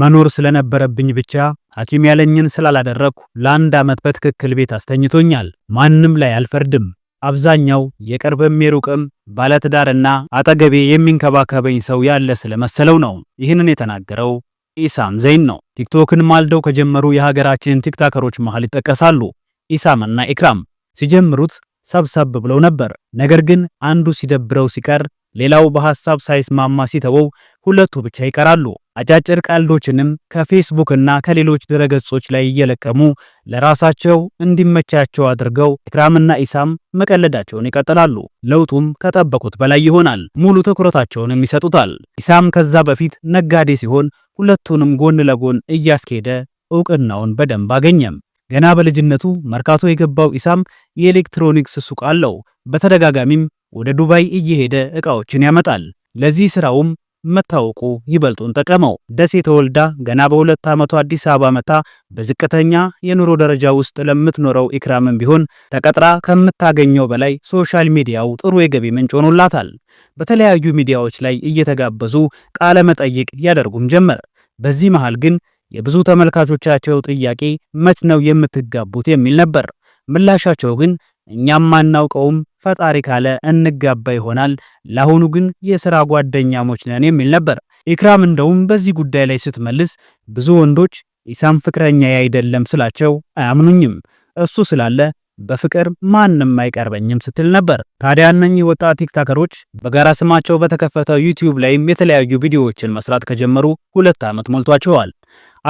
መኖር ስለነበረብኝ ብቻ ሐኪም ያለኝን ስላላደረግኩ ለአንድ ዓመት በትክክል ቤት አስተኝቶኛል። ማንም ላይ አልፈርድም። አብዛኛው የቅርብም የሩቅም ባለትዳርና አጠገቤ የሚንከባከበኝ ሰው ያለ ስለመሰለው ነው። ይህንን የተናገረው ኢሳም ዘይን ነው። ቲክቶክን ማልደው ከጀመሩ የሀገራችን ቲክታከሮች መሃል ይጠቀሳሉ። ኢሳምና ኢክራም ሲጀምሩት ሰብሰብ ብለው ነበር። ነገር ግን አንዱ ሲደብረው ሲቀር ሌላው በሐሳብ ሳይስማማ ሲተወው ሁለቱ ብቻ ይቀራሉ። አጫጭር ቀልዶችንም ከፌስቡክ እና ከሌሎች ድረገጾች ላይ እየለቀሙ ለራሳቸው እንዲመቻቸው አድርገው ኢክራምና ኢሳም መቀለዳቸውን ይቀጥላሉ። ለውጡም ከጠበቁት በላይ ይሆናል። ሙሉ ትኩረታቸውንም ይሰጡታል። ኢሳም ከዛ በፊት ነጋዴ ሲሆን ሁለቱንም ጎን ለጎን እያስኬደ እውቅናውን በደንብ አገኘም። ገና በልጅነቱ መርካቶ የገባው ኢሳም የኤሌክትሮኒክስ ሱቅ አለው። በተደጋጋሚም ወደ ዱባይ እየሄደ እቃዎችን ያመጣል። ለዚህ ስራውም መታወቁ ይበልጡን ጠቀመው። ደሴ ተወልዳ ገና በሁለት ዓመቱ አዲስ አበባ መታ በዝቅተኛ የኑሮ ደረጃ ውስጥ ለምትኖረው ኢክራምን ቢሆን ተቀጥራ ከምታገኘው በላይ ሶሻል ሚዲያው ጥሩ የገቢ ምንጭ ሆኖላታል። በተለያዩ ሚዲያዎች ላይ እየተጋበዙ ቃለ መጠይቅ ያደርጉም ጀመር። በዚህ መሃል ግን የብዙ ተመልካቾቻቸው ጥያቄ መች ነው የምትጋቡት የሚል ነበር። ምላሻቸው ግን እኛም ማናውቀውም ፈጣሪ ካለ እንጋባ ይሆናል። ለአሁኑ ግን የሥራ ጓደኛሞች ነን የሚል ነበር። ኢክራም እንደውም በዚህ ጉዳይ ላይ ስትመልስ ብዙ ወንዶች ኢሳም ፍቅረኛ አይደለም ስላቸው አያምኑኝም፣ እሱ ስላለ በፍቅር ማንም አይቀርበኝም ስትል ነበር። ታዲያ እነኚህ ወጣት ቲክታከሮች በጋራ ስማቸው በተከፈተው ዩቲዩብ ላይም የተለያዩ ቪዲዮዎችን መስራት ከጀመሩ ሁለት ዓመት ሞልቷቸዋል።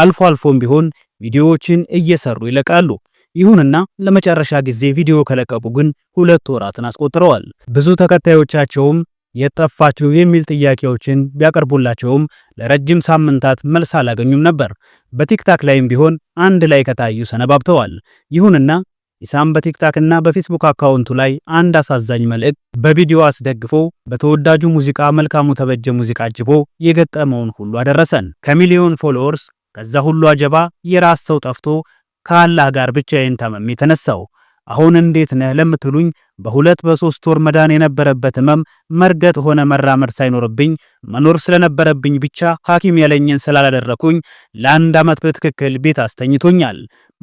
አልፎ አልፎም ቢሆን ቪዲዮዎችን እየሰሩ ይለቃሉ። ይሁንና ለመጨረሻ ጊዜ ቪዲዮ ከለቀቁ ግን ሁለት ወራትን አስቆጥረዋል። ብዙ ተከታዮቻቸውም የጠፋችሁ የሚል ጥያቄዎችን ቢያቀርቡላቸውም ለረጅም ሳምንታት መልስ አላገኙም ነበር። በቲክታክ ላይም ቢሆን አንድ ላይ ከታዩ ሰነባብተዋል። ይሁንና ኢሳም በቲክታክ እና በፌስቡክ አካውንቱ ላይ አንድ አሳዛኝ መልእክት በቪዲዮ አስደግፎ በተወዳጁ ሙዚቃ መልካሙ ተበጀ ሙዚቃ አጅቦ የገጠመውን ሁሉ አደረሰን። ከሚሊዮን ፎሎወርስ ከዛ ሁሉ አጀባ የራስ ሰው ጠፍቶ ከአላህ ጋር ብቻዬን ታመም የተነሳው አሁን እንዴት ነህ ለምትሉኝ በሁለት በሶስት ወር መዳን የነበረበት ህመም መርገጥ ሆነ መራመድ ሳይኖርብኝ መኖር ስለነበረብኝ ብቻ ሐኪም ያለኝን ስላላደረኩኝ ለአንድ ዓመት በትክክል ቤት አስተኝቶኛል።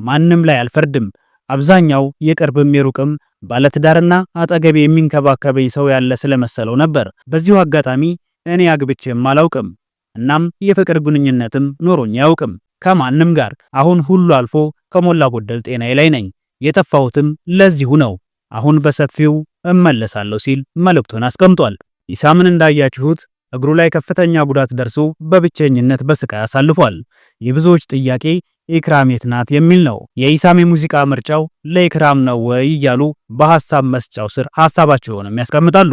ማንም ላይ አልፈርድም። አብዛኛው የቅርብም የሩቅም ባለትዳርና አጠገቤ የሚንከባከበኝ ሰው ያለ ስለመሰለው ነበር። በዚሁ አጋጣሚ እኔ አግብቼም አላውቅም። እናም የፍቅር ግንኙነትም ኖሮኝ አያውቅም። ከማንም ጋር። አሁን ሁሉ አልፎ ከሞላ ጎደል ጤናዬ ላይ ነኝ። የተፋሁትም ለዚሁ ነው። አሁን በሰፊው እመለሳለሁ ሲል መልእክቱን አስቀምጧል። ኢሳምን እንዳያችሁት እግሩ ላይ ከፍተኛ ጉዳት ደርሶ በብቸኝነት በስቃይ አሳልፏል። የብዙዎች ጥያቄ ኢክራም የት ናት የሚል ነው። የኢሳም የሙዚቃ ምርጫው ለኢክራም ነው ወይ እያሉ በሐሳብ መስጫው ስር ሐሳባቸውንም ያስቀምጣሉ።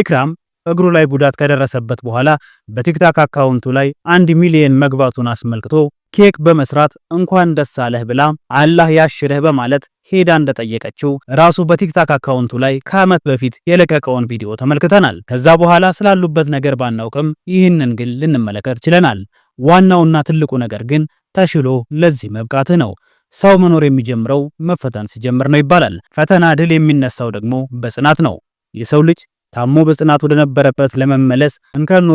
ኢክራም እግሩ ላይ ጉዳት ከደረሰበት በኋላ በቲክታክ አካውንቱ ላይ አንድ ሚሊዮን መግባቱን አስመልክቶ ኬክ በመስራት እንኳን ደስ አለህ ብላ አላህ ያሽርህ በማለት ሄዳ እንደጠየቀችው ራሱ በቲክታክ አካውንቱ ላይ ከዓመት በፊት የለቀቀውን ቪዲዮ ተመልክተናል። ከዛ በኋላ ስላሉበት ነገር ባናውቅም ይህንን ግን ልንመለከት ችለናል። ዋናውና ትልቁ ነገር ግን ተሽሎ ለዚህ መብቃትህ ነው። ሰው መኖር የሚጀምረው መፈተን ሲጀምር ነው ይባላል። ፈተና ድል የሚነሳው ደግሞ በጽናት ነው። የሰው ልጅ ታሞ በጽናት ወደነበረበት ለመመለስ እንከን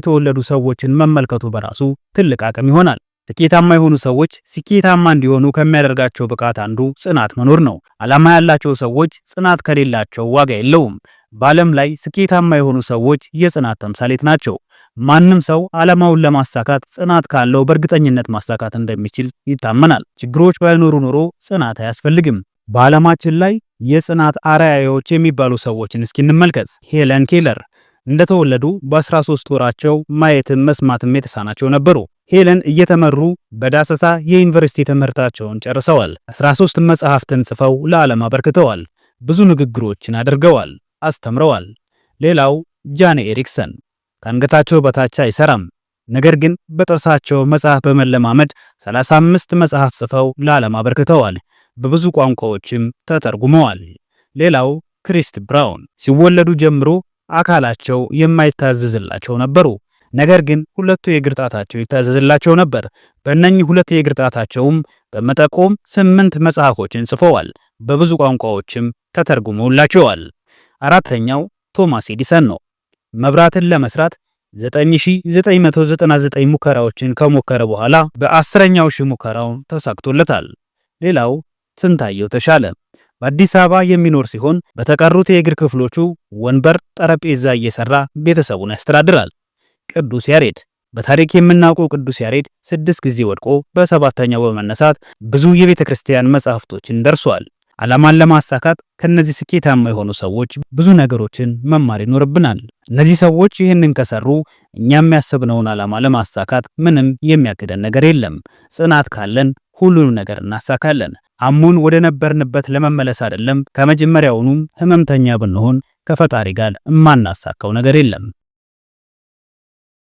የተወለዱ ሰዎችን መመልከቱ በራሱ ትልቅ አቅም ይሆናል። ስኬታማ የሆኑ ሰዎች ስኬታማ እንዲሆኑ ከሚያደርጋቸው ብቃት አንዱ ጽናት መኖር ነው። ዓላማ ያላቸው ሰዎች ጽናት ከሌላቸው ዋጋ የለውም። በዓለም ላይ ስኬታማ የሆኑ ሰዎች የጽናት ተምሳሌት ናቸው። ማንም ሰው ዓላማውን ለማሳካት ጽናት ካለው በእርግጠኝነት ማሳካት እንደሚችል ይታመናል። ችግሮች ባይኖሩ ኖሮ ጽናት አያስፈልግም። በዓለማችን ላይ የጽናት አርአያዎች የሚባሉ ሰዎችን እስኪ እንመልከት። ሄለን ኬለር እንደተወለዱ በ13 ወራቸው ማየትም መስማትም የተሳናቸው ነበሩ። ሄለን እየተመሩ በዳሰሳ የዩኒቨርሲቲ ትምህርታቸውን ጨርሰዋል። 13 መጽሐፍትን ጽፈው ለዓለም አበርክተዋል። ብዙ ንግግሮችን አድርገዋል፣ አስተምረዋል። ሌላው ጃን ኤሪክሰን ከአንገታቸው በታች አይሰራም፣ ነገር ግን በጥርሳቸው መጽሐፍ በመለማመድ 35 መጽሐፍ ጽፈው ለዓለም አበርክተዋል። በብዙ ቋንቋዎችም ተተርጉመዋል። ሌላው ክሪስት ብራውን ሲወለዱ ጀምሮ አካላቸው የማይታዘዝላቸው ነበሩ። ነገር ግን ሁለቱ የእግር ጣታቸው ይታዘዝላቸው ነበር። በእነኚህ ሁለት የእግር ጣታቸውም በመጠቆም ስምንት መጽሐፎችን ጽፈዋል። በብዙ ቋንቋዎችም ተተርጉመውላቸዋል። አራተኛው ቶማስ ኤዲሰን ነው። መብራትን ለመስራት 9999 ሙከራዎችን ከሞከረ በኋላ በአስረኛው ሺህ ሙከራው ተሳክቶለታል። ሌላው ስንታየው ተሻለ በአዲስ አበባ የሚኖር ሲሆን በተቀሩት የእግር ክፍሎቹ ወንበር፣ ጠረጴዛ እየሰራ ቤተሰቡን ያስተዳድራል። ቅዱስ ያሬድ በታሪክ የምናውቀው ቅዱስ ያሬድ ስድስት ጊዜ ወድቆ በሰባተኛው በመነሳት ብዙ የቤተ ክርስቲያን መጻሕፍቶችን ደርሷል። ዓላማን ለማሳካት ከነዚህ ስኬታማ የሆኑ ሰዎች ብዙ ነገሮችን መማር ይኖርብናል። እነዚህ ሰዎች ይህንን ከሰሩ እኛ የሚያስብነውን ዓላማ ለማሳካት ምንም የሚያግደን ነገር የለም። ጽናት ካለን ሁሉንም ነገር እናሳካለን። አሙን ወደ ነበርንበት ለመመለስ አይደለም፣ ከመጀመሪያውኑም ህመምተኛ ብንሆን ከፈጣሪ ጋር እማናሳካው ነገር የለም።